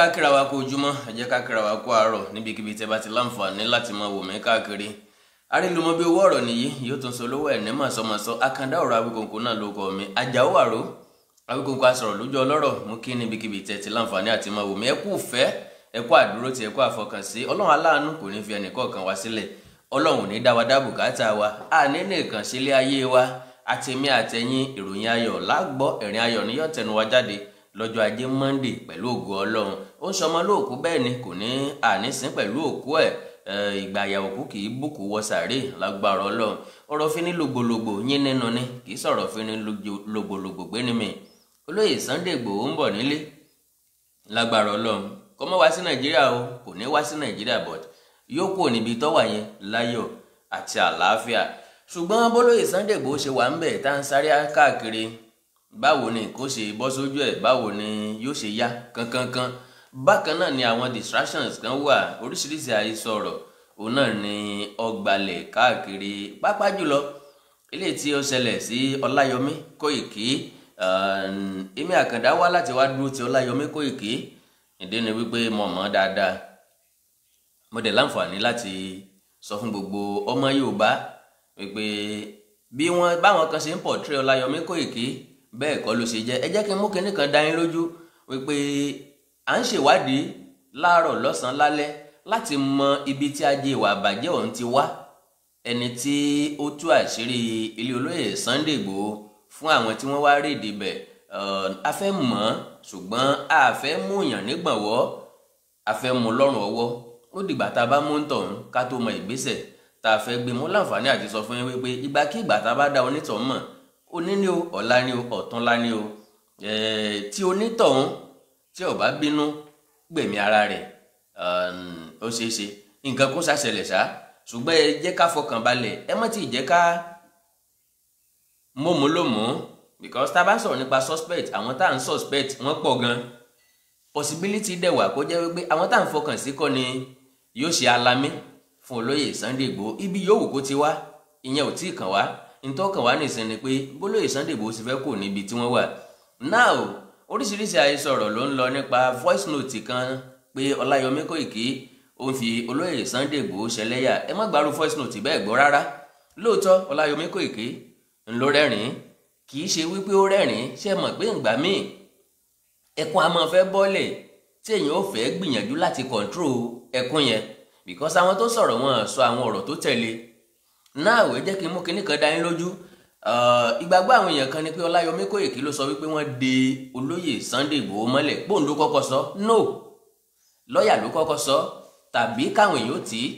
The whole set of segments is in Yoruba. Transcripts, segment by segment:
ká kíra wa kú ojúmọ́ ẹ jẹ́ ká kíra wa kú àárọ̀ níbikíbi tẹ́ bá ti láǹfààní láti máa wò mí káàkiri arílùmọ́ bí owó ọ̀rọ̀ nìyí yóò tún sọ lówó ẹ̀ ní màsọmọsọ àkàndá ọ̀rọ̀ Awíkonko náà ló kọ mi Àjàó Àrò Awíkonko asọ̀rọ̀ lójú ọlọ́rọ̀ mú kí níbikíbi tẹ́ ti láǹfààní àti máa wò mí fẹ́ àfọkànsí lọ́jọ́ ajé Monday pẹ̀lú ògo Ọlọ́run ó ń sọmọ lóòkú bẹ́ẹ̀ ni kò ní ànísín pẹ̀lú òkú ẹ̀ ìgbà àyà òkú kì í bùkún wọ sàárè lágbára Ọlọ́run ọ̀rọ̀ fínní lògbòlògbò yín nínú ni kì í sọ̀rọ̀ fínní lògbòlògbò gbé ni mi olóyè Sunday Igboho ń bọ̀ nílé lágbára Ọlọ́run kò mọ́ wá sí Nàìjíríà o kò ní wá sí Nàìjíríà but yóò kúrò níbi tọ́wà yẹn láyọ̀ àti àlàáfíà ṣùgbọ́n bólóyè Sunday Igboho ṣe wà ń bẹ̀ tá à ń sáré káàkiri báwo ni kò ṣe bọ́ sójú ẹ̀ báwo ni yóò ṣe yá kankankan bákan náà ni àwọn distractions kan wà oríṣiríṣi àìsọ̀rọ̀ òun náà ni ọgbàlẹ̀ káàkiri pápá jùlọ eléyìí tí ó ṣẹlẹ̀ sí ọláyọmí kóìkì èmi àkàndá wá láti wá dúró ti ọláyọmí kóìkì ìdí ni wípé mo mọ̀ dáadáa mo dẹ̀ láǹfààní láti sọ fún gbogbo ọmọ yorùbá wípé bí wọn báwọn kan ṣe ń pọ̀ tré ọláyọmí kóìkì bẹ́ẹ̀ kọ́ ló ṣe jẹ́ ẹ jẹ́ kí n mú kinní kan dá yín lójú wípé à ń ṣèwádìí láàárọ̀ lọ́sàn-án lálẹ́ láti mọ ibi tí ajé ìwà àbàjẹ́ ọ̀hún ti wá ẹni tí ó tú àṣírí ilé olóyè Sunday Igboho fún àwọn tí wọ́n wá rí ìdìbẹ̀ a fẹ́ mọ̀ ọ́n ṣùgbọ́n a fẹ́ mú yàn nígbọ̀nwọ́ a fẹ́ mú lọ́rùn ọwọ́ ó dìgbà tá a bá mú ń tọ̀hún ká tó mọ ìgbésẹ̀ tá a fẹ́ gbé mú láǹfààní àti sọ fún yín wípé ìgbàkigbà tá a bá dá onítọ̀hún mọ̀ oní ni o ọ̀la ni o ọ̀túnla ni o tí onítọ̀hún tí ó bá bínú gbẹ̀mí ara rẹ̀ um, ó ṣeé ṣe nǹkan kó ṣàṣẹlẹ̀ ṣá ṣùgbọ́n ẹ jẹ́ ká fọkàn balẹ̀ ẹ mọ́ tí ì jẹ́ ká mọ́mú lómú because tá a bá sọ̀rọ̀ nípa suspect àwọn tá à ń suspect wọ́n pọ̀ gan possibility dẹ̀ wà kó jẹ́ wípé àwọn tá à ń fọkàn sí kọ́ ni yóò ṣe alamí fún olóyè Sunday Igboho ibi yòówù kó ti wá ìyẹn ò tí ì kàn wá ntọ́kàn wá nìsín ni pé bólóyè Sunday Igboho sì fẹ́ kò níbi tí wọ́n wà now oríṣiríṣi àìsọ̀rọ̀ ló ń lọ nípa voice note kan pé Ọláyọmí Kòìkí ó ń fi olóyè Sunday Igboho ṣẹlẹ́yà ẹ má gbàrú voice note bẹ́ẹ̀ gbọ́ rárá lóòótọ́ Ọláyọmí Kòìkí ń ló rẹ́rìn-ín kì í ṣe wípé ó rẹ́rìn-ín ṣe mọ̀ pé ǹgbà míì ẹkún a fẹ́ bọ́lẹ̀ tí èèyàn ò fẹ́ gbìyànjú láti control ẹkún yẹn because àwọn tó sọ̀rọ̀ wọn sọ àwọn ọ̀rọ̀ tó tẹ̀lé náà wẹ́ jẹ́ kí n mú kinní kan dání lójú uh, ìgbàgbọ́ àwọn èèyàn kan ni pé ọláyọmí kòyèkí ló sọ wípé wọ́n de olóyè Sunday Ìgbòho mọ́lẹ̀ bóun ló kọ́kọ́ sọ no lọ́ọ̀yà ló kọ́kọ́ sọ tàbí káwọn èèyàn ó tì í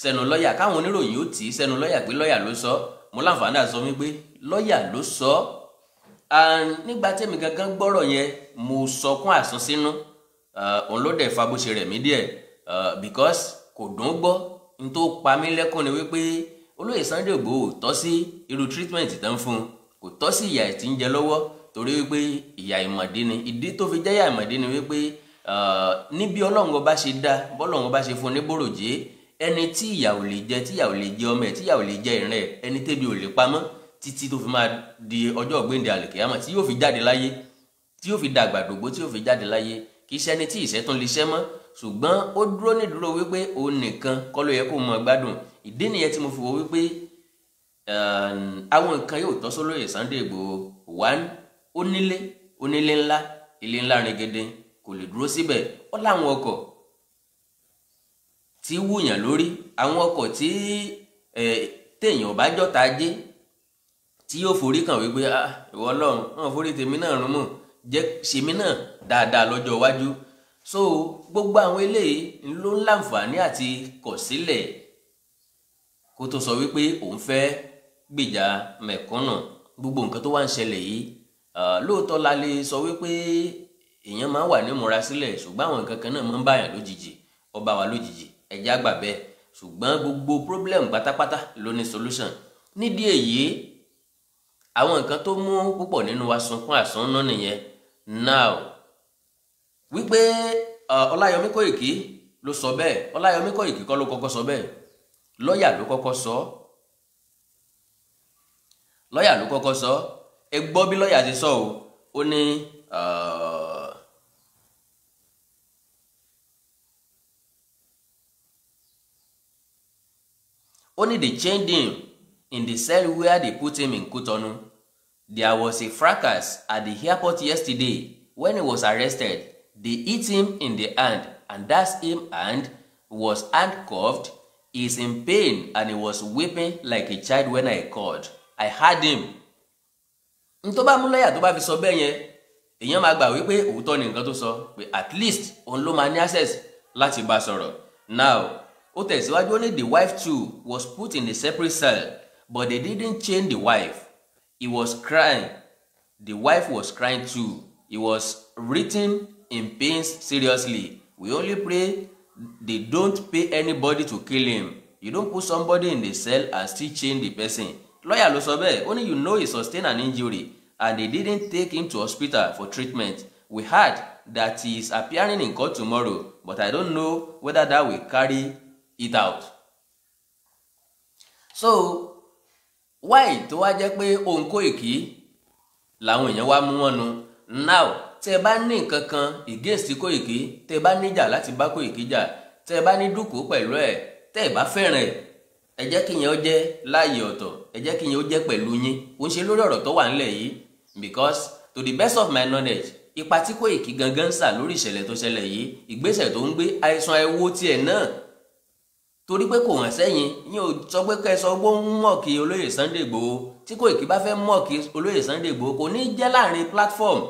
sẹ́nu lọ́ọ̀yà káwọn oníròyìn ó tì í sẹ́nu lọ́ọ̀yà pé lọ́ọ̀yà ló sọ mo láǹfààní àsọ wípé lọ́ọ̀yà ló sọ nígbà tẹ́mi gangan gbọ́rọ̀ yẹn mo sọkún àsun sínú uh, òun ló dẹ̀ fa bó ṣe rẹ̀ mí díẹ̀ uh, because kò dùn gbọ́ n tó pa mí lẹ́kùn ni wípé olóyè Sunday Igboho tọ́ sí irú treatment tó ń fún un kò tọ́ sí ìyà tí ń jẹ lọ́wọ́ torí wípé ìyà ìmọ̀dé ni ìdí tó fi jẹ́ ìyà ìmọ̀dé ni wípé níbi ọlọ́run ọba ṣe dá bọ́lọ́run ọba ṣe fún un ní bòròjé ẹni tí ìyà ò lè jẹ tí ò lè jẹ ọmọ ẹ tí ò lè jẹ ìrìn ẹ ẹni tébi ò lè pamọ́ títí tó fi máa di ọjọ́ ọ̀gbìndì àlèkèyàmọ̀ tí yóò fi jáde láyé tí yóò fi dàgbà dògbó tí yóò fi jáde láyé kì í ṣẹni tí ìṣẹ́ tún lè ṣẹ́ mọ́ ṣùgbọ́n ó dúró nídúró wípé òun nìkan kọ́ ló yẹ kó mọ gbádùn ìdí nìyẹn tí mo fi wò wípé um, àwọn nǹkan yóò tọ́ sólóyè Sunday Igboho one onílé onílé ńlá ilé ńlá ringede kò lè dúró síbẹ̀ ó láwọn ọkọ̀ tí wúyàn lórí àwọn ọkọ̀ tí téèyàn bá jọ́ta jẹ́ tí yóò forí kàn wípé ìwọ ọlọ́run náà forí tèmi náà rún mọ̀ jẹ́ ṣèmi náà dáadáa lọ́jọ́ iwájú so gbogbo àwọn eléyìí ló ń láǹfààní àti kọ̀ sílẹ̀ kó tó sọ wípé òun fẹ́ gbèjà mẹ̀kúnnù gbogbo nǹkan tó wà ń ṣẹlẹ̀ yìí lóòótọ́ la lè sọ wípé èèyàn máa wà nímúra sílẹ̀ ṣùgbọ́n àwọn nǹkan kan náà máa ń báyàn lójijì ó bá wa lójijì ẹ̀já gbà bẹ́ẹ̀ ṣùgbọ́n gbogbo problem pátápátá ló ní solution nídìí èyí àwọn nǹkan tó mú púpọ̀ nínú wa sunkún àsánná nìyẹn now wípé ọláyọmí kòìkì ló sọ bẹ́ẹ̀ ọláyọmí kòìkì kọ́ ló kọ́kọ́ sọ bẹ́ẹ̀ lọ́ọ̀yà ló kọ́kọ́ sọ lọ́ọ̀yà ló kọ́kọ́ sọ ẹ gbọ́ bí lọ́ọ̀yà ti sọ o ó ní ó ní they chained him in the cell where they put him in Kotonu there was a fracas at the airport yesterday when he was arrested they hit him in the hand and that's him hand was handcuffed is in pain and he was weeping like a child when I called. I heard him. n tó bá mú lọ́yà tó bá fi sọ bẹ́ẹ̀ yẹn èèyàn máa gbà wípé òótọ́ ni nǹkan tó sọ pé at least òun ló máa ní access láti bá sọ̀rọ̀. Now ó tẹ̀síwájú ó ní the wife too was put in a separate cell but they didn't chain the wife. He was crying. The wife was crying too. He was written in pains seriously. We only pray they don't pay anybody to kill him you don't put somebody in the cell and still chain the person lawyer ló sọ bẹ́ẹ̀ ó you know he sustained an injury and they didn't take him to hospital for treatment we heard that he is appearing in court tomorrow but i don't know whether that will carry it out. so why tó wá jẹ́ pé òǹkó èkì làwọn èèyàn wá mú wọn nu now tẹ ẹ bá ní nǹkan kan against Koiki tẹ ẹ bá níjà láti bá Koiki jà tẹ ẹ bá ní dúkùú pẹ̀lú ẹ tẹ ẹ bá fẹ́ràn ẹ ẹ jẹ́ kíyẹn ó jẹ́ láàyè ọ̀tọ̀ ẹ jẹ́ kíyẹn ó jẹ́ pẹ̀lú yín ó ń ṣe lórí ọ̀rọ̀ tó wà ńlẹ̀ yìí because to the best of my knowledge ipa tí Koiki gangan ń sà lórí ìṣẹ̀lẹ̀ tó ṣẹlẹ̀ yìí ìgbésẹ̀ tó ń gbé àìsàn ẹwọ́ tiẹ̀ náà torí pé kò hàn sẹ́yìn yín ò sọ pé kẹ́ ẹ sọ pé ó ń mọ̀ọ́kì olóyè Sunday Igboho tí Koiki bá fẹ́ mọ̀ọ́kì olóyè Sunday Igboho kò ní jẹ́ láàrin platform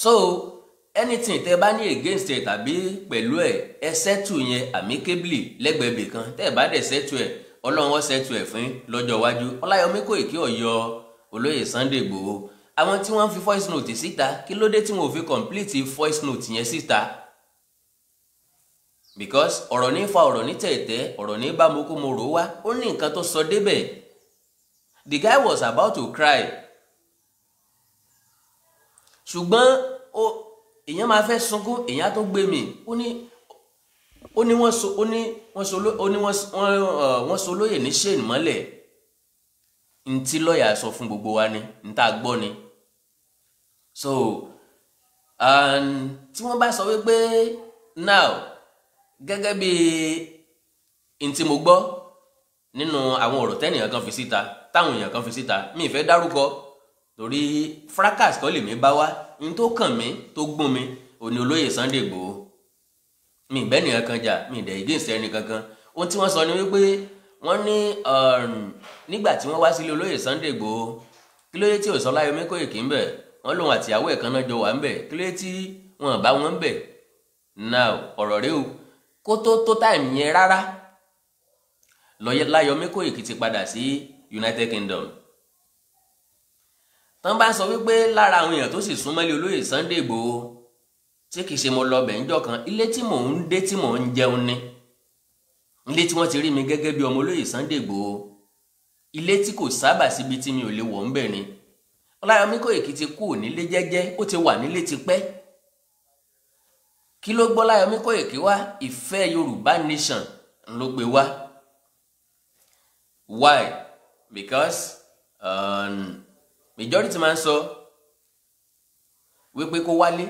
so anything tẹ bá ní against ẹ tàbí pẹ̀lú ẹ ẹ sẹ́tù yẹn amicably lẹ́gbẹ̀ẹ́ bìkan tẹ́ ẹ bá dẹ̀ sẹ́tù ẹ ọlọ́run sẹ́tù ẹ fún lọ́jọ́ iwájú ọláyọmí kò kí ọ̀yọ́ olóyè Sunday Igboho àwọn tí wọ́n fi voice note síta kí ló dé tí wọn fi complete voice note yẹn síta because ọ̀rọ̀ ní fa ọ̀rọ̀ ní tẹ̀tẹ̀ ọ̀rọ̀ ní bámokúmoro wá ó ní nǹkan tó sọ débẹ̀ the guy was about to cry ṣùgbọ́n ó èèyàn máa fẹ́ sunkún èèyàn tó gbé mi ó ní ó ní wọ́n so ó ní wọ́n so ó ní wọ́n so lóye ní shane mọ́lẹ̀ ntí lọ́ọ̀yà sọ fún gbogbo wa ni níta gbọ́ ni so tí wọ́n bá sọ wípé now gẹ́gẹ́ bí ntí mo gbọ́ nínú àwọn ọ̀rọ̀ tẹ́nìyàn kan fi síta táwọn èèyàn kan fi síta mi ì dárúkọ torí fracas kọ́ lèmi bá wá n tó kàn mí tó gún mi òní olóyè Sunday Igboho mi ìbẹ́ nìkan kan jà mi ìdẹ̀ against ẹni kankan ohun tí wọ́n sọ ni wípé wọ́n ní um, nígbà tí wọ́n wá sílé olóyè Sunday Igboho kí ló yẹ tí òsán láyọmí kò èkì ń bẹ̀ wọ́n lòun àtìyàwó ẹ̀ kan náà jọ wà ń bẹ̀ kí ló yẹ tí wọ́n bá wọn ń bẹ̀ now ọ̀rọ̀ rẹ o kó tó tó táìmù yẹn rárá láyọmí kò èkì ti padà sí United Kingdom wọ́n bá sọ wípé lára àwọn èèyàn tó sì súnmọ́lé olóyè Sunday Igboho tí kì í ṣe mo lọ bẹ̀ ńjọ́ kan ilé tí mò ń dé tí mò ń jẹun ni ilé tí wọ́n ti rí mi gẹ́gẹ́ bí ọmọ olóyè Sunday Igboho ilé tí kò sábà síbi tí mi ò lè wọ̀ ń bẹ̀ ni Ọláyọmí Kòìkì ti kú nílé jẹ́jẹ́ ó ti wà nílé tipẹ́ kí ló gbọ́ Ọláyọmí Kòìkì wá ìfẹ́ Yorùbá nation ló gbé wá why because um, majority máa ń sọ wípé kó wálé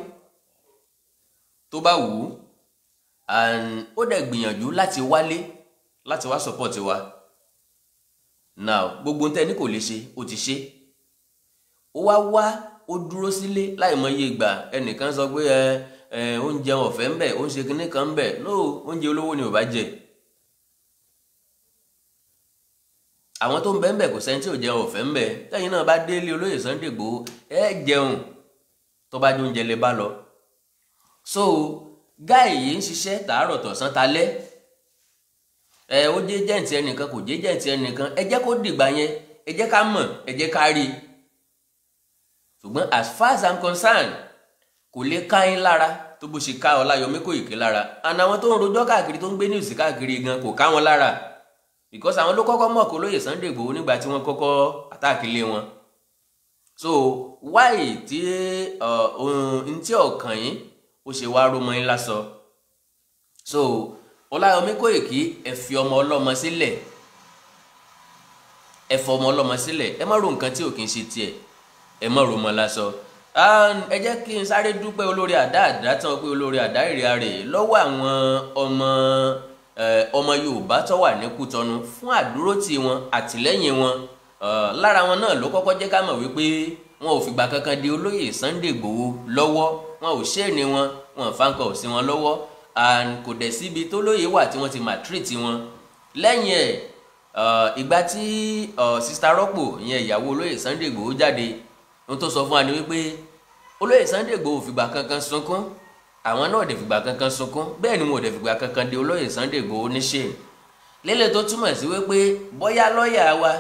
tó bá wù ú and ó dẹ̀ gbìyànjú láti wálé láti wá support wa now gbogbo ń tẹ́ ní kò lè ṣe ó ti ṣe ó wá wá ó dúró sílé láì mọye ìgbà ẹnìkan sọ pé ẹ oúnjẹ ọ̀fẹ́ ń bẹ ó ń ń bẹ no oúnjẹ olówó ni ò bá jẹ. àwọn tó ń bẹ ń bẹ kò sẹ́ni tí ò jẹun ọ̀fẹ́ ń bẹ tẹ́yìn náà bá délé olóyè Sunday Igboho ẹ jẹun tó bá jó oúnjẹ lè bá lọ. so gáì yìí ń ṣiṣẹ́ tàárọ̀ tọ̀sán talẹ́ ẹ ó jẹ́ jẹ́ǹtì ẹnìkan kò jẹ́ jẹ́ǹtì ẹnìkan ẹ jẹ́ kó dìgbà yẹn ẹ jẹ́ ká mọ̀ ẹ jẹ́ ká rí i. ṣùgbọ́n as far as i'm concerned kò lè ká yín lára tó bó ṣe ká Ọláyọmí Kòìkí lára àná àwọn tó ń rojọ́ káàkiri tó ń gbé news káàkiri gan kò ká wọn lára because àwọn ló kọ́kọ́ mọ̀ kó lóye Sunday Igboho nígbà tí wọ́n kọ́kọ́ àtàkìlé wọn so why tí ntí ọ̀kàn yín ó ṣe wá rómọ yín lásọ so Ọláyọmí Kóìkí ẹ fi ọmọ ọlọ́mọ sílẹ̀ ẹ fọ ọmọ ọlọ́mọ sílẹ̀ ẹ má ro nǹkan tí ò kí ń ṣe tiẹ̀ ẹ má ro ọmọ lásọ ẹ jẹ́ kí n sáré dúpẹ́ olórí àdá àdá tán pé olórí àdá ìrìà rè lọ́wọ́ àwọn ọmọ ọmọ Yorùbá tó wà ní Kútọ́nù fún àdúrótì wọn àtìlẹ́yìn wọn lára wọn náà ló kọ́kọ́ jẹ́ ká mọ̀ wípé wọn ò fìgbà kankan di olóyè Sunday Igboho lọ́wọ́ wọn ò ṣéèní wọn wọn fáńkọ ò sí wọn lọ́wọ́ and kò dẹ̀ síbi tó lóyè wà tí wọ́n ti màtírìtì wọn lẹ́yìn ẹ̀ ìgbà tí sista rọ́pò ìyẹn ìyàwó olóyè Sunday Igboho jáde ohun tó sọ fún wa ni wípé olóyè Sunday Igboho ò fìgbà kankan sunkún àwọn náà ò dẹ̀ fìgbà kankan sunkún bẹ́ẹ̀ ni mo ò dẹ̀ fìgbà kankan di olóyè Sunday Igboho níṣẹ́ lélẹ̀ tó túmọ̀ sí wípé bóyá lọ́ọ̀yà wa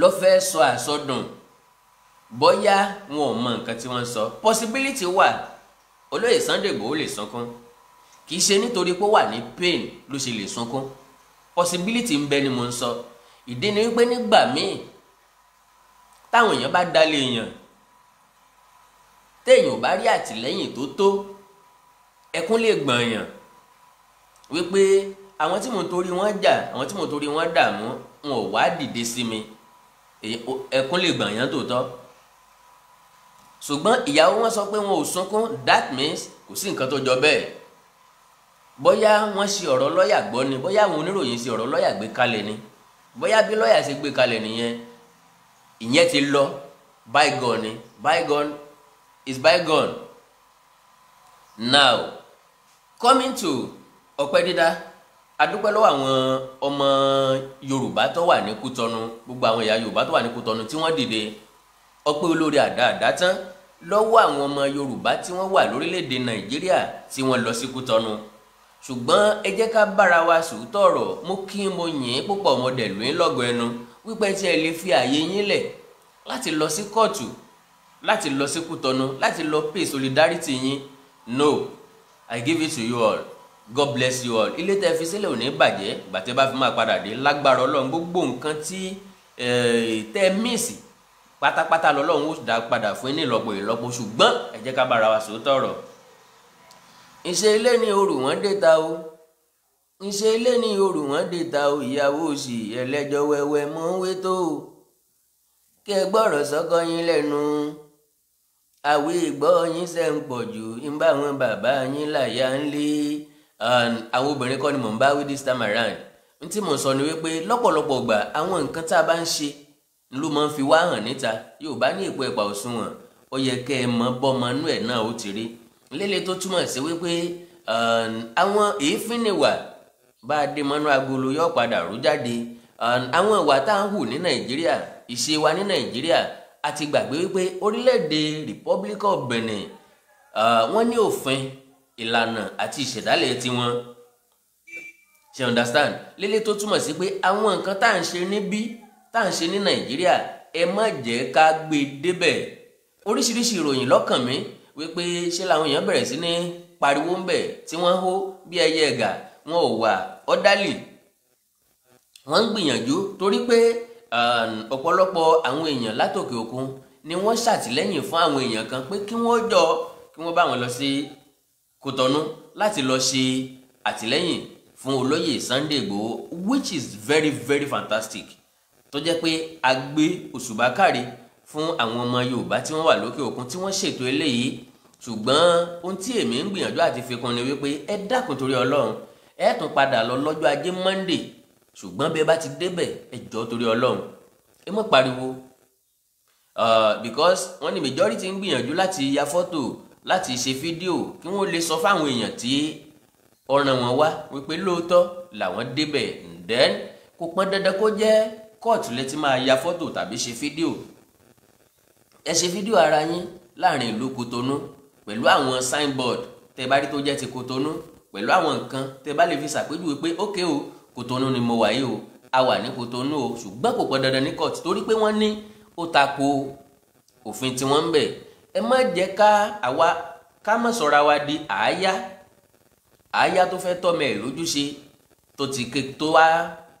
ló fẹ́ sọ àsọdùn bóyá wọn ò mọ nǹkan tí wọ́n sọ possibility wà olóyè Sunday Igboho lè sunkún kì í ṣe nítorí pé ó wà ní pain ló ṣe lè sunkún possibility ń bẹ ni mo ń sọ ìdí ni wípé nígbà míì táwọn èèyàn bá dalẹ̀ èèyàn téèyàn ò bá rí àtìlẹ́yìn tó tó ẹkún lè gbọ̀nyàn wípé àwọn tí mo torí wọn jà àwọn tí mo torí wọn dààmú wọn ò wá dìde sí mi ẹkún lè gbọ̀nyàn tòótọ́ ṣùgbọ́n ìyàwó wọn sọ pé wọn ò sunkún that means kò sí nǹkan tó jọ bẹ́ẹ̀ bóyá wọ́n ṣe ọ̀rọ̀ lọ́ọ̀yà gbọ́ ni bóyá àwọn oníròyìn ṣe ọ̀rọ̀ lọ́ọ̀yà gbé kalẹ̀ ni bóyá bí lọ́ọ̀yà ṣe gbé kalẹ̀ nìyẹn ìyẹn ti lọ bygone ni bygone is bygone now coming to ọpẹ́ dídá adúpẹ́ lọ́wọ́ àwọn ọmọ yorùbá tó wà ní kútọ́nu gbogbo àwọn ìyá yorùbá tó wà ní kútọ́nu tí wọ́n dìde ọpẹ́ olórí àdáàdá tán lọ́wọ́ àwọn ọmọ yorùbá tí wọ́n wà lórílẹ̀‐èdè nàìjíríà tí wọ́n lọ sí kútọ́nu ṣùgbọ́n ẹ jẹ́ ká bára wa sòótọ́ ọ̀rọ̀ mo kí mo yìn ín púpọ̀ mo lóyún lọ́gọ̀ ẹnu wípé tí ẹ lè fi ààyè yín lẹ̀ láti lọ sí kóòtù láti lọ sí Kútọ̀nù láti lọ pay solidarity yín no i give it to you all god bless you all ilé tẹ́ fi sílẹ̀ ò ní bàjẹ́ gbàtẹ́ bá fi máa padà dé lágbára ọlọ́run gbogbo nǹkan tí eh, tẹ́ míìsì pátápátá lọ́lọ́run ó dá padà fún ní ìlọ́po ìlọ́po ṣùgbọ́n ẹ jẹ́ ká bára wa sòótọ́ ọ̀rọ̀ ìṣe ilé ni orù wọn dé ta o ìṣe ilé ni orù wọn dé ta o ìyàwó òsì ẹlẹ́jọ́ wẹ́wẹ́ mọ́ ń wé tó o kí ẹ gbọ́rọ̀ yín lẹ́nu àwé ìgbọ́ yín ṣe ń pọ̀ jù ń bá àwọn bàbá yín láyà ń lé àwọn obìnrin kọ́ ni mò ń bá wí this time around n tí mò ń sọ ni wípé lọ́pọ̀lọpọ̀ gbà àwọn nǹkan tá a bá ń ṣe ló máa ń fi wá hàn níta yóò bá ní ìpò ẹ̀pà òṣùwọ̀n ó yẹ kẹ́ ẹ mọ bọ́mọ inú ẹ̀ náà ó ti rí lélẹ̀ tó túmọ̀ sí wípé àwọn èéfín ni wà bá a dé mọ́nú agolo yóò padà rú jáde àwọn ìwà tá a ń hù ní nàìjíríà ìṣe wa ní nàìjíríà àti gbàgbé wípé orílẹ̀-èdè Republic of Benin wọ́n ní òfin ìlànà àti ìṣẹ̀dálẹ̀ tiwọn ṣe understand lílé tó túmọ̀ sí pé àwọn nǹkan tá à ń ṣe níbí tá à ń ṣe ní Nàìjíríà ẹ má jẹ́ ká gbé débẹ̀ oríṣiríṣi ìròyìn lọ́kàn mi wípé ṣé làwọn èèyàn bẹ̀rẹ̀ sí ní pariwo ń bẹ̀ tí wọ́n hó bí ẹyẹ ẹ̀gà wọn ò wà ọ́dálì wọ́n ń gbìyànjú torí pé ọ̀pọ̀lọpọ̀ àwọn èèyàn látòkè òkun ni wọ́n ṣàtìlẹ́yìn fún àwọn èèyàn kan pé kí wọ́n jọ kí wọ́n bá wọn lọ sí Kòtọ́nú láti lọ ṣe àtìlẹ́yìn fún olóyè Sunday Igboho which is very very fantastic tó jẹ́ pé a gbé òṣùbà káre fún àwọn ọmọ Yorùbá tí wọ́n wà lókè òkun tí wọ́n ṣètò eléyìí ṣùgbọ́n ohun tí èmi ń gbìyànjú àti fi ni wípé ẹ dákun torí Ọlọ́run ẹ tún padà lọ lọ́jọ́ ajé Monday ṣùgbọ́n bí ẹ bá ti débẹ̀ ẹ jọ torí ọlọ́run ẹ mọ̀ pariwo because wọ́n ní majority ń gbìyànjú láti ya fọ́tò láti ṣe fídíò kí wọ́n lè sọ fáwọn èèyàn tí ọ̀ràn wọn wá wípé lóòótọ́ làwọn débẹ̀ then kò pọn dandan kó jẹ́ kóòtù lẹ́tí máa ya fọ́tò tàbí ṣe fídíò ẹ ṣe fídíò ara yín láàrin ìlú Kotonu pẹ̀lú àwọn signboard tẹ bá rí tó jẹ́ ti Kotonu pẹ̀lú àwọn nǹkan tẹ bá lè fi ṣàpèjúwe pé ókè Okay, oh, Kòtónú ni mo wà yìí o a wà ní Kòtónú o ṣùgbọ́n kò pọ̀ dandan ní court torí pé wọ́n ní ó tako òfin tí wọ́n ń bẹ̀ ẹ má jẹ́ ká àwa ká má sọ̀ra wa di àáyá àáyá tó fẹ́ tọ́mọ ẹ̀ lójúṣe tó ti ké tó wá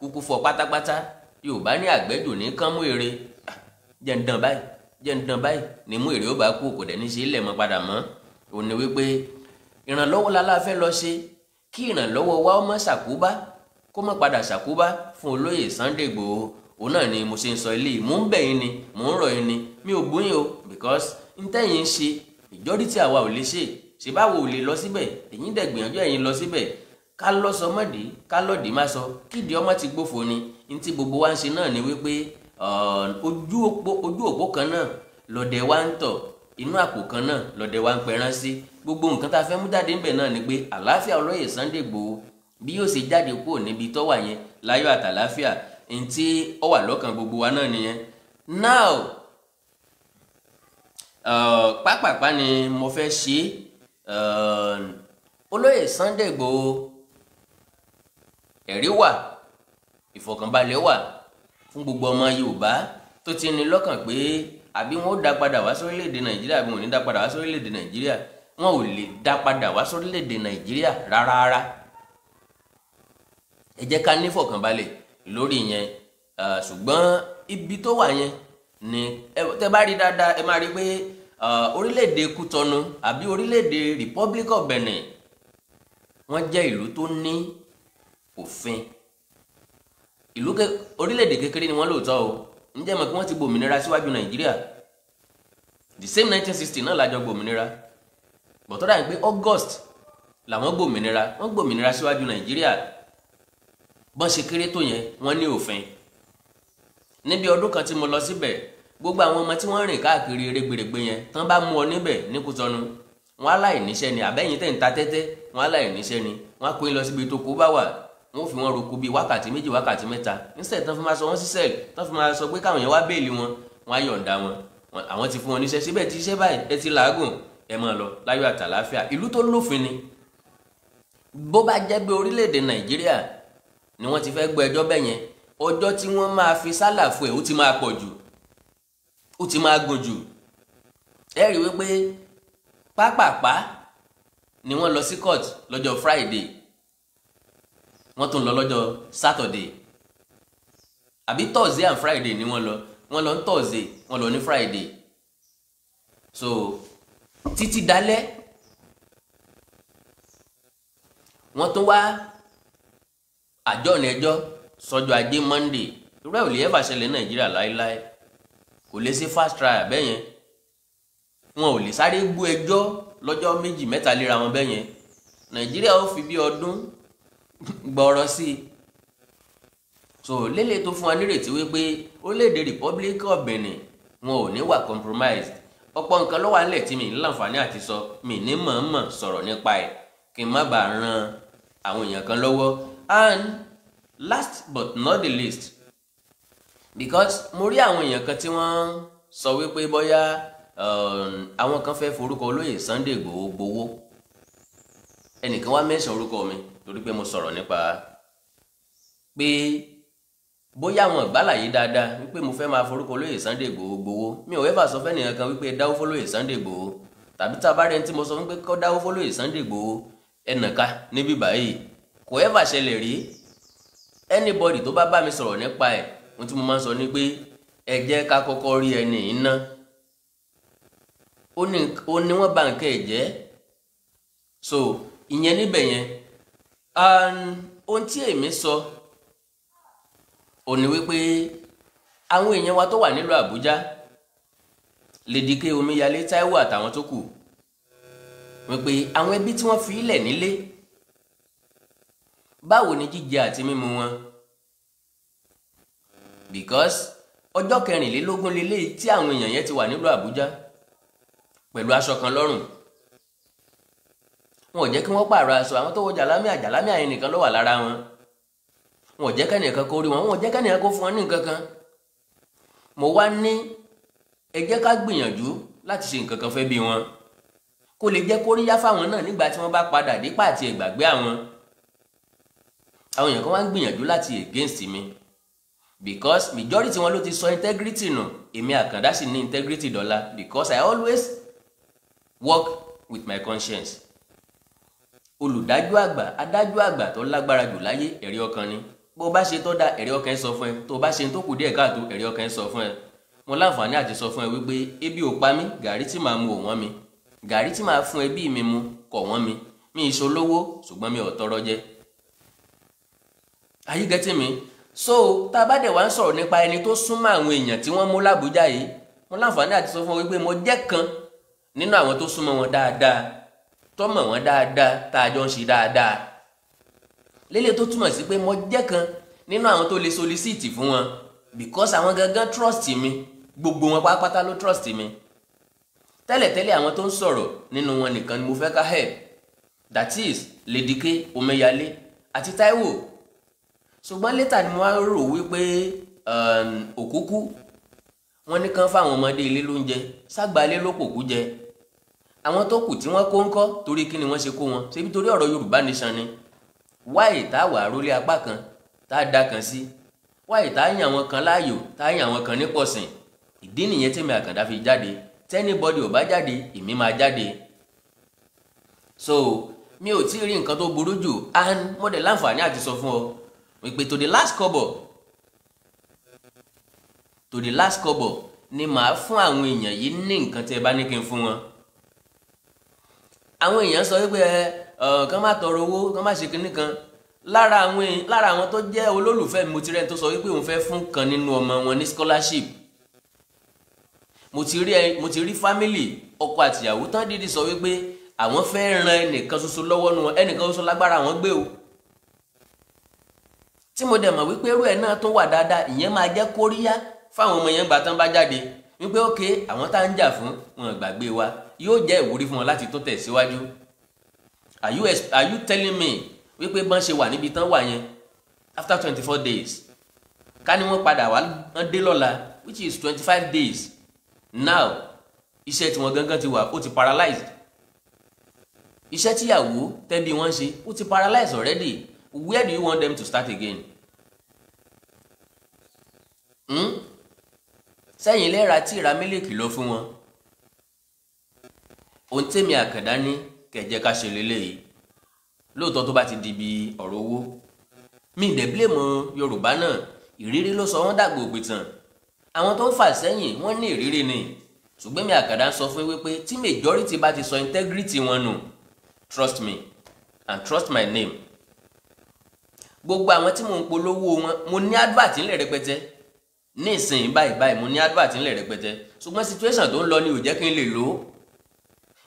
kúkú fọ pátápátá Yorùbá ní àgbẹ́jò ní kán mú èrè ah, jẹ́ báyìí jẹ́ báyìí ni mú èrè ó bá kú kò dẹ̀ ní ṣe é mọ́ padà mọ́ òun wípé ìrànlọ́wọ́ la la fẹ́ lọ ṣe kí ìrànlọ́wọ́ wa ọmọ ṣàkóbá kó má padà ṣàkóbá fún olóyè Sunday Igboho òun náà ni mo ṣe ń sọ ilé mò ń bẹ̀ yín ni mò ń rọ̀ yín ni mi ò gbóyìn o because n tẹ́yìn ń ṣe ìjọ́rí tí àwa ò lè ṣe ṣe báwo ò lè lọ síbẹ̀ èyí dẹ̀ gbìyànjú ẹ̀yin lọ síbẹ̀ ká lọ́sọ mọ́dì ká lọ́dì má sọ kídìí ọmọ ti gbófo ni n tí gbogbo wa ń ṣe náà ni wípé ojú òpó kan náà lọ́dẹ̀ wa ń tọ̀ inú àpò kan náà lọ́dẹ̀ wa ń pẹran sí gbogbo nǹkan tá a fẹ́ mú jáde ńbẹ̀ náà ni pé àlàáfíà olóyè Sunday Igboho bí yóò ṣe jáde kúrò níbi tó wà yẹn láyọ̀ àtàláfíà ntí ó wà lọ́kàn gbogbo wa náà nìyẹn now uh, pápápá ni mo fẹ́ ṣe uh, olóyè Sunday Igboho ẹ̀rí wà ìfọ̀kànbalẹ̀ wà fún gbogbo ọmọ Yorùbá tó ti ní lọ́kàn pé àbí wọn ò dá padà wá sórílẹ̀-èdè Nàìjíríà àbí wọn ò ní dá padà wá sórílẹ̀-èdè Nàìjíríà wọn ò lè dá padà wá sórílẹ̀-èdè Nàìjíríà rárá rárá ẹ jẹ́ ká nífọ̀kànbalẹ̀ lórí yẹn ṣùgbọ́n ibi tó wà yẹn ni tẹ bá rí dáadáa ẹ máa rí pé orílẹ̀-èdè Kútọ́nù àbí orílẹ̀-èdè Republic of Benin wọ́n jẹ́ ìlú tó ní òfin ìlú orílẹ̀-èdè kékeré ni wọ́n lóòótọ́ o ǹjẹ́ mọ̀ pé wọ́n ti gbòmìnira síwájú Nàìjíríà the same 1960 náà lájọ gbòmìnira bọ̀tọ́dà yìí pé August làwọn gbòmìnira wọ́n gbòmìnira síwájú Nàìjíríà bọ́n ṣe kéré tó yẹn wọ́n ní òfin níbi ọdún kan tí mo lọ síbẹ̀ gbogbo àwọn ọmọ tí wọ́n rìn káàkiri erégbèrègbè yẹn tán bá mú ọ níbẹ̀ ní Kútọ́nù wọn aláìníṣẹ́ ni àbẹ́yìn tẹ̀ ń ta tẹ́tẹ́ wọn aláìníṣẹ́ ni wọn á kó yín lọ síbi tó kó bá wà wọn ò fi wọn roko bíi wákàtí méjì wákàtí mẹ́ta níṣẹ́ tán fi máa sọ wọ́n sí sẹ́ẹ̀lì tán fi máa sọ pé káwọn yẹn wá béèlì wọn wọn á yọ̀ǹda wọn àwọn ti fún wọn níṣẹ́ síbẹ̀ tí iṣẹ́ báyìí ẹ ti làágùn ẹ máa lọ láyọ̀ àtàlàáfíà ìlú tó lófin ni bó bá jẹ́ pé orílẹ̀-èdè Nàìjíríà ni wọ́n ti fẹ́ gbọ́ ẹjọ́ bẹ́ẹ̀ yẹn ọjọ́ tí wọ́n máa fi sálàfo ẹ̀ ó ti máa pọ̀ jù ó ti máa gùn jù ẹ rí wípé pápápá ni wọ́n lọ sí court lọ́jọ́ Friday wọ́n tún lọ lọ́jọ́ Saturday àbí Thursday and Friday ni wọ́n lọ wọ́n lọ ní Thursday wọ́n lọ ní Friday so títí dalẹ́ wọ́n tún wá àjọ́ni ẹjọ́ sọjọ́ ajé Monday irú ẹ̀ ò lè ẹ́fà ṣẹlẹ̀ Nàìjíríà láéláé kò lè ṣe fast trial bẹ́yẹn wọn ò lè sáré gbú ẹjọ́ lọ́jọ́ méjì mẹ́ta léra wọn bẹ́yẹn Nàìjíríà ó fi bí ọdún gbọ́rọ̀ sí i so lélẹ̀ tó fún wa nírètí wípé orílẹ̀-èdè Republic of Benin wọn ò ní wà compromised ọ̀pọ̀ nǹkan ló wà nílẹ̀ tí mi ní láǹfààní àti sọ mi ní mọ̀ọ́mọ̀ sọ̀rọ̀ nípa ẹ̀ kí n má bàa ran àwọn èèyàn kan lọ́wọ́ and last but not the least because mo rí àwọn èèyàn kan tí wọ́n sọ wípé bóyá um, àwọn kan fẹ́ forúkọ olóyè Sunday Igboho gbowó ẹnìkan wá mẹ́sàn-án orúkọ mi torí pé mo sọ̀rọ̀ nípa pé bóyá àwọn ìgbàlàyé dáadáa wípé mo fẹ́ máa forúkọ olóyè Sunday Igboho gbowó mi ò wẹ́fà sọ fẹ́nìyàn kan wípé dáwó fọlóyè Sunday Igboho tàbí tá a bá rẹ ní tí mo sọ fún pé kọ́ dáwó fọlóyè Sunday Igboho ẹnìkan níbí báyìí kò ẹ́fà ṣẹlẹ̀ rí anybody tó bá bá mi sọ̀rọ̀ nípa ẹ̀ ohun tí mo máa sọ ni pé ẹ jẹ́ ká kọ́kọ́ rí ẹni iná ó ní wọ́n bá nǹkan ẹ̀ jẹ́ so ìyẹn níbẹ̀ yẹn ohun tí èmi sọ ò ní wípé àwọn èèyàn wa tó wà nílùú Àbújá Lédìkẹ́ Omíyalé Táíwò àtàwọn tó kù wípé àwọn ẹbí tí wọ́n fi ilẹ̀ nílé báwo ni jíjẹ àti mímu wọn because ọjọ́ kẹrìnlélógún lélẹ́yìí tí àwọn èèyàn yẹn ti wà nílùú Àbújá pẹ̀lú aṣọ kan lọ́rùn wọn ò jẹ́ kí wọ́n pààrọ̀ aṣọ àwọn tó wọ jàlámíà jàlámíà yẹn nìkan ló wà lára wọn wọn ò jẹ́ kẹ́nìkan kó rí wọn wọn ò jẹ́ kẹ́nìkan kó fún wọn ní nǹkan kan mo wá ní ẹ jẹ́ ká gbìyànjú láti ṣe nǹkan kan fẹ́ bí wọn kó lè jẹ́ kóríyá fáwọn náà nígbà tí wọ́n bá padà dé pàtì ẹ̀gbàgbé àwọn àwọn èèyàn kan wá ń gbìyànjú láti against mi because majority wọn ló ti sọ integrity nù èmi àkàndá sì ní integrity dọ́là because I always work with my conscience olùdájọ́ àgbà adájọ́ àgbà tó lágbára jù láyé ẹ̀rí ọkàn ni bó bá ṣe tó da ẹ̀rí ọkàn sọ fún ẹ tó bá ṣe tó kù díẹ̀ káàtó ẹ̀rí ọkàn sọ fún ẹ mo láǹfààní àti sọ fún ẹ wípé ebi ò pa mí gàrí tí màá mu ò wọ́n mi gàrí tí màá fún ẹbí mi mu kọ̀ wọ́n mi mi ìṣolówó ṣùgbọ́n mi ò tọrọ jẹ are you getting me so tá a bá dẹ̀ wá ń sọ̀rọ̀ nípa ẹni tó súnmọ́ àwọn èèyàn tí wọ́n mú lábújá yìí mo láǹfààní àti sọ fún wọn wípé mo jẹ́ kan nínú àwọn tó súnmọ́ wọn dáadáa tó mọ̀ wọ́n dáadáa tá a jọ ń ṣe dáadáa lélẹ̀ tó túmọ̀ sí pé mo jẹ́ kan nínú àwọn tó lè solicit fún wọn because àwọn gangan trust mi gbogbo wọn pátápátá ló trust mi tẹ́lẹ̀tẹ́lẹ̀ àwọn tó ń sọ̀rọ̀ nínú wọn nìkan ni mo fẹ́ ká help that is Lady K Omeyale àti Taiwo ṣùgbọ́n létà ni wọ́n á rò wípé um, òkúkú wọ́n ní kán fáwọn ọmọdé ilé lóúnjẹ ságbálé ló pòkú jẹ àwọn tó kù tí wọ́n kó ń kọ́ torí kí ni wọ́n ṣe kó wọn ṣebí torí ọ̀rọ̀ Yorùbá nìṣan ni wáyé tá a wà rólé apá kan tá a dá kan sí wáyé tá a yàn àwọn kan láàyò tá a yàn àwọn kan nípọ̀sìn ìdí nìyẹn tèmi Àkàndá fi jáde tẹ́nibọ́dì ò bá jáde èmi máa jáde so mi ò tí ì rí nǹkan tó burú jù and mo dẹ̀ láǹfààní àti sọ fún ọ wípé to the last kọ́bọ̀ to the last kọ́bọ̀ ni màá fún àwọn èèyàn yìí ní nǹkan tẹ́ ẹ bá ní kí n fún wọn àwọn èèyàn sọ wípé ẹ kàn má tọrọ owó kàn má ṣe kinní kan lára àwọn tó jẹ́ olólùfẹ́ mi mo ti rẹ́ tó sọ wípé òun fẹ́ fún kan nínú ọmọ wọn ní scholarship mo ti rí family ọkọ àtìyàwó tán dídí sọ wípé àwọn fẹ́ ran ẹnìkan ṣoṣo lọ́wọ́ nu wọn ẹnìkan ṣoṣo lágbára àwọn gbé o tí mo dẹ̀ mọ̀ wípé irú ẹ̀ náà tún wà dáadáa ìyẹn máa jẹ́ kóríyá fáwọn ọmọ yẹn gbà tán bá jáde wípé ókè àwọn tá ń jà fún wọn gbàgbé wa yóò jẹ́ ìwúrí fún wọn láti tún tẹ̀síwájú are you are you telling me wípé bọ́n ṣe wà níbi tán wà yẹn after twenty four days ká ní wọ́n padà wá wọ́n dé lọ́la which is twenty five days now iṣẹ́ tí wọ́n gangan ti wà ó ti paralyzed iṣẹ́ tíyàwó tẹ́bí wọ́n ṣe ó ti paralyzed already where do you want them to start again? Hmm? sẹ́yìn lẹ́ra tí ìra mílíkì ló fún wọn ohun tèmi àkàndá ní kẹjẹ ká ṣe lélẹ́yìí lóòótọ́ tó bá ti di ibi ọ̀rọ̀ owó mi ì dẹ́bílẹ̀ mọ yorùbá náà ìrírí ló sọ wọ́n dàgbò òpìtàn àwọn tó ń fà sẹ́yìn wọ́n ní ìrírí ni ṣùgbọ́n mi àkàndá sọ fún wípé tí majority bá ti sọ integrity wọn nù trust me and trust my name gbogbo àwọn tí mò ń polówó wọn mo ní advert ńlẹ̀ rẹpẹtẹ ní ìsìn báyìí báyìí mo ní advert ńlẹ̀ rẹpẹtẹ ṣùgbọ́n situation tó ń lọ ni ò jẹ́ kí n lè lò ó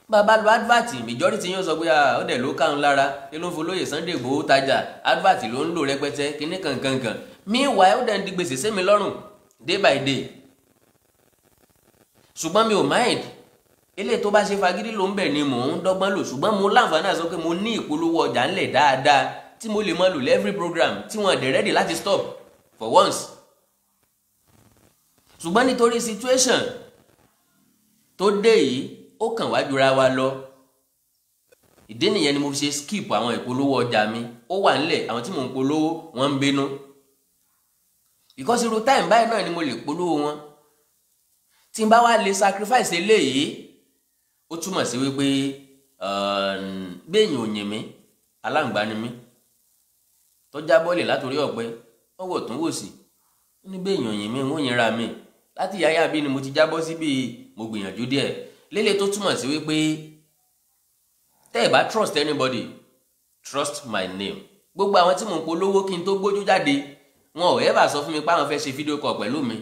bàbá lo advert majority yóò sọ pé ó dẹ̀ ló káwọn lára elófolóye Sunday Igboho tajà advert ló ń lò rẹpẹtẹ kíní kankankan meanwhile ó dẹ̀ ń di gbèsè sí mi lọ́rùn day by day ṣùgbọ́n mi ò mind eléyìí tó bá ṣe fagídí ló ń bẹ̀ ni mò ń dọ́gbọ́n lò ṣùgbọ́n mo láǹfààní àti sọ pé mo ní ìpolówó ọjà ńlẹ̀ dáadáa tí mo lè mọ lò lẹ́ẹ̀fì program tí wọ́n dẹ̀ ready láti stop for once ṣùgbọ́n nítorí situation tó dé yìí ó kàn wá jura wa lọ ìdí nìyẹn ni mo fi ṣe skip àwọn ìpolówó ọjà mi ó wà nílẹ̀ àwọn tí mò ń polówó wọ́n ń bínú because irú time báyìí náà ni mo lè polówó wọn tí n bá wá lè sacrifice eléyìí ó túmọ̀ sí wípé ehm, béèyàn ò yìn mí aláǹgbá ni mí tọ́já bọ́ọ̀lì látòrí ọ̀pẹ ọwọ́ tó ń wò sí ó ní béèyàn ò yìn mí ń wò yín ra mi láti yáyà bí ni mo ti jábọ́ síbi mo gbìyànjú díẹ̀ lélẹ̀ tó túmọ̀ sí wípé tẹ́ ẹ̀ bá trust anybody trust my name gbogbo àwọn tí mò ń polówó kí n tó gbójú jáde wọn ò ẹ́bà sọ fún mi pé àwọn fẹ́ ṣe fídíò kọ pẹ̀lú mi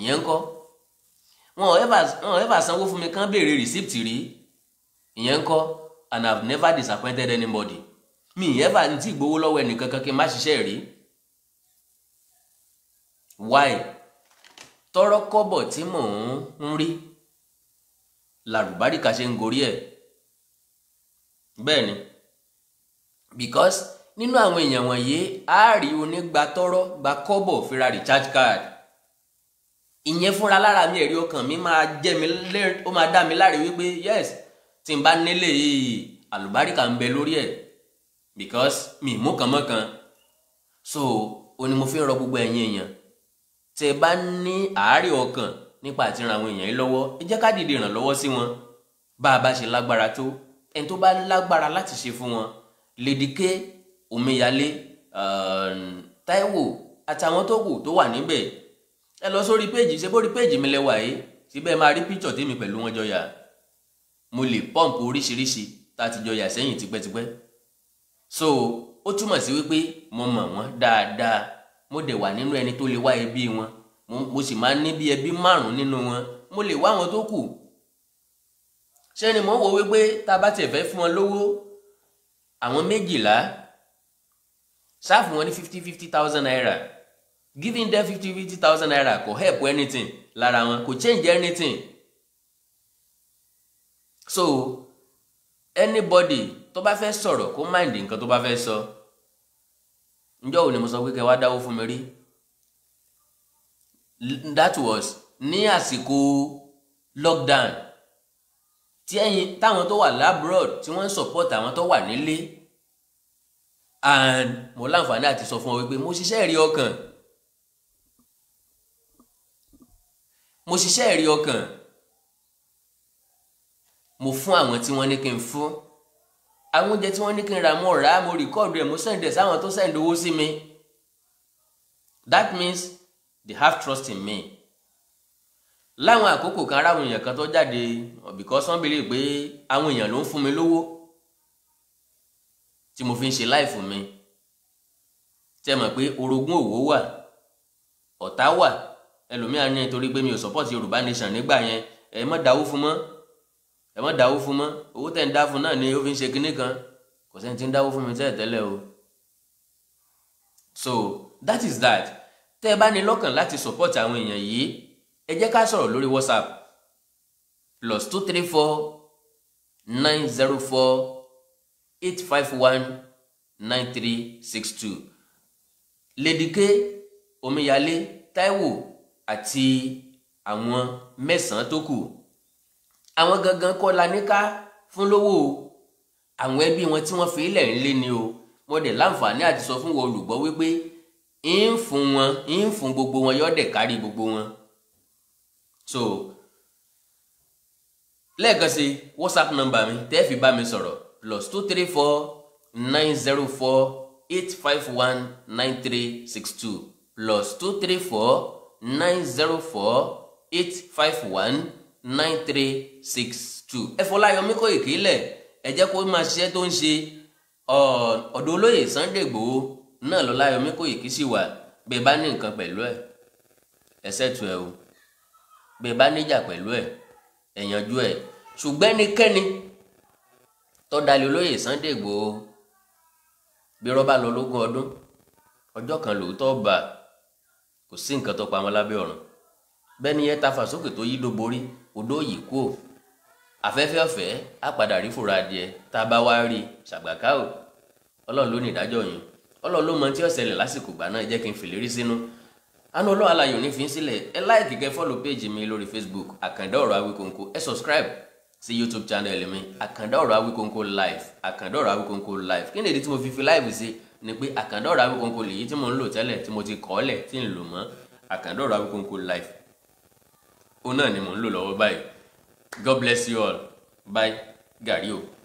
ìyẹn ń kọ́ wọn ò ẹ́bà sanwó fún mi kán béèrè receipt rí ìyẹn ń kọ́ and i have never disappointed anybody mi ẹ́bà ń tí ìgbowó lọ́wọ́ ẹnìkankan kí n má ṣiṣẹ́ rí why tọ́rọ́kọ́bọ̀ tí mò ń ń rí làrùbáríkà ṣe ń gorí ẹ̀ bẹ́ẹ̀ ni because nínú àwọn èèyàn wọ̀nyí á rí onígba tọ́rọ́ gba kọ́bọ̀ fira recharge card ìyẹn fúnra lára mi ẹ̀rí ọkàn mi máa jẹ́ mi lẹ́rìn ó máa dá mi láre wípé yes tí n bá nílé yìí àlùbáríkà ń bẹ lórí ẹ̀ because mi mú kàn so ó ní mo fi ń rọ gbogbo ẹ̀yin èèyàn tẹ bá ní àárẹ̀ ọkàn nípa àti ran àwọn èèyàn yìí lọ́wọ́ ẹ jẹ́ ká dìde ìrànlọ́wọ́ sí wọn bá a bá ṣe lágbára tó ẹni tó bá lágbára láti ṣe fún wọn lédìké omíyalé ehm, Táíwò àtàwọn tó kù tó wà níbẹ̀ ẹ lọ sórí péjì ṣe bó péjì mi lẹ́wà yìí síbẹ̀ máa rí píchọ̀ tèmi pẹ̀lú wọn jọyà mo lè pọ́ǹpù oríṣiríṣi tá jọyà sẹ́yìn tipẹ́tipẹ́ so ó túmọ̀ sí wípé mo mọ̀ wọ́n dáadáa mo dẹ̀ wà nínú ẹni tó lè wá ẹbí wọn mo sì máa ń ní bí ẹbí márùn nínú wọn mo lè wá wọn tó kù ṣé ni mo wò wípé tá a bá tiẹ̀ fẹ́ fún wọn lówó àwọn méjìlá ṣáàfù wọn ní fifty fifty thousand naira giving them fifty fifty thousand naira kò help anything lára wọn kò change anything so anybody tó bá fẹ́ sọ̀rọ̀ kó mind nǹkan tó bá fẹ́ sọ. So ǹjọ́ òní mo sọ pé kẹ́ dáwó fún mi rí that was ní àsìkò lockdown tí ẹ̀yin táwọn tó wà labroad tí wọ́n ń support àwọn tó wà nílé and mo láǹfààní àti sọ fún ọ wípé mo ṣiṣẹ́ ẹ̀rí ọkàn mo ṣiṣẹ́ ẹ̀rí ọkàn mo fún àwọn tí wọ́n ní kí n fún àwọn oúnjẹ tí wọ́n ní kí n ra mo rà á mo rìkọ́ọ̀dù ẹ̀ mo send ẹ̀ sáwọn tó send owó sí mi that means they have trust in me láwọn àkókò kan ara àwọn èèyàn kan tó jáde because wọ́n believe pé àwọn èèyàn ló ń fún mi lówó tí mo fi ń ṣe láìfún mi tẹ mọ̀ pé orogún òwò wà ọ̀tá wà ẹlòmíràn ní torí pé mi ò support Yorùbá nation nígbà yẹn ẹ má dáwó fún mọ́ ẹ má fún mọ́ owó tẹ̀ ń dá fún náà ni ó fi ń ṣe kinní kan kò sẹ́ni tí ń dáwó fún mi tẹ́lẹ̀ tẹ́lẹ̀ o so that is that tẹ́ ẹ bá ní lọ́kàn láti support àwọn èèyàn yìí ẹ jẹ́ ká sọ̀rọ̀ lórí whatsapp plus two three four nine zero four eight five one nine three six two lédìké omíyalé taiwo àti àwọn mẹ́sàn-án tó kù àwọn gangan kọ́ la níká fún lówó o àwọn ẹbí wọn tí wọ́n fi ilẹ̀ ń lé ni o mo dẹ̀ láǹfààní àti sọ fún wọn olùgbọ́ wípé ń fún wọn ń fún gbogbo wọn yọ̀dẹ̀ kárí gbogbo wọn so lẹ́ẹ̀kan sí whatsapp number mi tẹ́ fi bá mi sọ̀rọ̀ plus two three four nine zero four eight five one nine three six two plus two three four nine zero four eight five one nine three six two ẹ Fọláyọmí Kóìkí lẹ̀ ẹ jẹ́ kó máa ṣiṣẹ́ tó ń ṣe ọ̀dọ̀ olóyè Sunday Igboho náà lọ́láyọmí Kóìkí sì wà bẹ́ẹ̀ bá ní nǹkan pẹ̀lú ẹ̀ ẹsẹ̀ tu ẹ o bẹ́ẹ̀ bá níjà pẹ̀lú ẹ̀ ẹ̀yànjú ẹ̀ ṣùgbọ́n ẹnikẹ́ni tọ́dalẹ̀ olóyè Sunday Igboho bí rọ́bà lọ lógún ọdún ọjọ́ kan lòótọ́ bá kò sí nǹkan tó pamọ́ lábẹ́ ọ̀run bẹ́ẹ̀ ni ẹ ta fàsókè tó yí dó borí odó yìí kú ò afẹ́fẹ́ ọ̀fẹ́ á rí fòrò adìẹ tá a bá wá rí ṣàgbàká ò ọlọ́run ló ní ìdájọ́ yìí ọlọ́run ló mọ tí ó ṣẹlẹ̀ lásìkò gbà náà jẹ́ kí n fìlérí sínú àánú ọlọ́run alayò ní fi ń sílẹ̀ ẹ láìkì kẹ́ fọ́lù péèjì mi lórí facebook àkàndá ọ̀rọ̀ awíkóńkó ẹ subscribe sí youtube channel mi àkàndá ọ̀rọ̀ awíkóńkó live àkàndá ọ̀rọ̀ awíkóńkó live kí ni èdè tí mo fi fi live sí ni pé àkàndá ọ̀rọ̀ awíkóńkó lèyí tí mo ń lò tẹ́lẹ̀ tí mo ti kọ́ ọ́lẹ̀ tí ń lò mọ́ àkàndá ọ̀rọ̀ awíkóńkó live òun náà ni mò ń lò lọ́wọ́ báyìí God bless you all bye gàrí o.